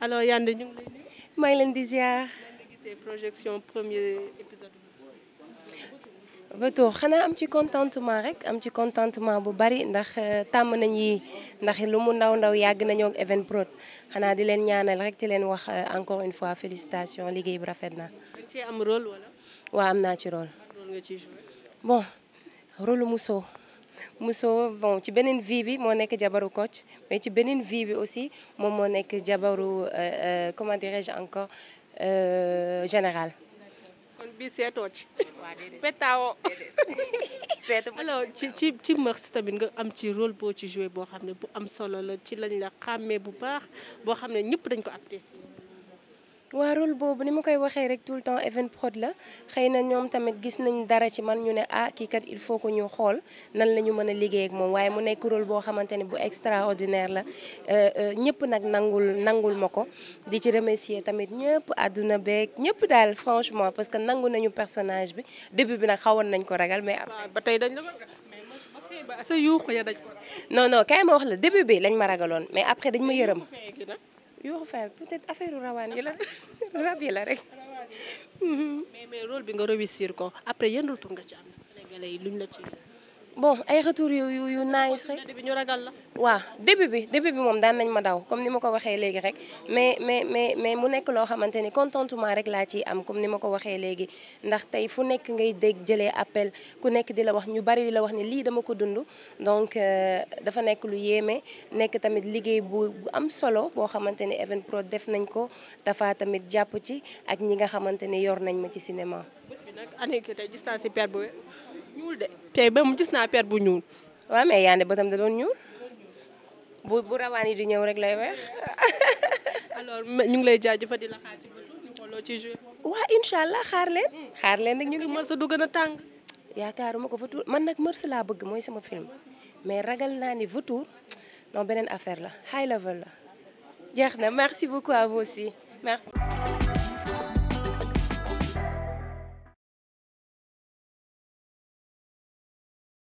alors Yande maa ngi leen di ziar. nga gisee projection premier épisode xanaa am ci contentement rek am ci contentement bu bari ndax euh, tàmm nañ yi ndax lu mu ndaw ndaw yàgg nañoo ak Evenprod xanaa di leen ñaanal rek ci leen wax euh, encore une fois félicitations liggéey bu rafet na. ci am rôle wala. waaw am naa ci rôle. bon rôle Muso. Mousso bon ci beneen vie bi moo nekk jabaru coach mais ci beneen vie bi aussi moom moo nekk jabaru euh, euh, comment dirais-je encore euh, général. kon bii seetoo ci. pétaawo alors ci ci ci mars tamit nga am ci rôle boo ci joué boo xam ne bu am solo la ci lañ la xàmmee bu baax boo xam ne ñëpp dañ ko apprécier. waa rôle boobu ni ma koy waxee rek tout le temps Even Prod la xëy na ñoom tamit gis nañ dara ci man ñu ne ah kii kat il faut que ñu xool nan la ñu mën a liggéey ak moom waaye mu nekk rôle boo xamante ne bu extraordinaire la euh, euh, ñëpp nag nangul nangul ma ko di ci remercier tamit ñëpp àdduna beeg ñëpp daal franchement parce que nangu nañu personnage bi début bi nag xawoon nañ ko ragal mais. ba tey dañ la ba sa yuuxu ya ma wax la début bi lañ ma ragaloon mais après dañ ma yërëm. yoo xam peut-être affaire rawaan yi la rab yi la rek. mais rôle bi nga réussir ko après yan retour nga ci am sénégalais yi luñ la ci. bon ay retour yu yu yu nice rek ñu ragal la waaw début bi début bi moom daan nañ ma daw comme ni ma ko waxee léegi rek mais mais mais mais mu nekk loo xamante ni contentement rek laa ciy am comme ni ma ko waxee léegi ndax tey fu nekk ngay dégg jëlee appel ku nekk di la wax ñu bari di la wax ni lii dama ko dund donc euh, dafa nekk lu yéeme nekk tamit liggéey bu bu am solo boo xamante ni Evenprod def nañ ko dafa tamit jàpp ci ak ñi nga xamante ni yor nañ ma ci cinéma. nag gis naa si ñuul de tey ba mu gis naa per bu ñuul. waaw mais Yandé bëtam da doon ñuul bu bu rawaan yi di ñëw rek lay weex. ñu ngi lay jaajëfal di la xaar ci bëtu ñu xooloo xaar leen. Hmm. xaar leen nag ñu ngi mërsa du gën a tàng. yaakaaruma ko Vautour man nag mërsa laa bëgg mooy sama film mais ragal naa ni Vautour non beneen affaire la high level la. jeex na merci beaucoup à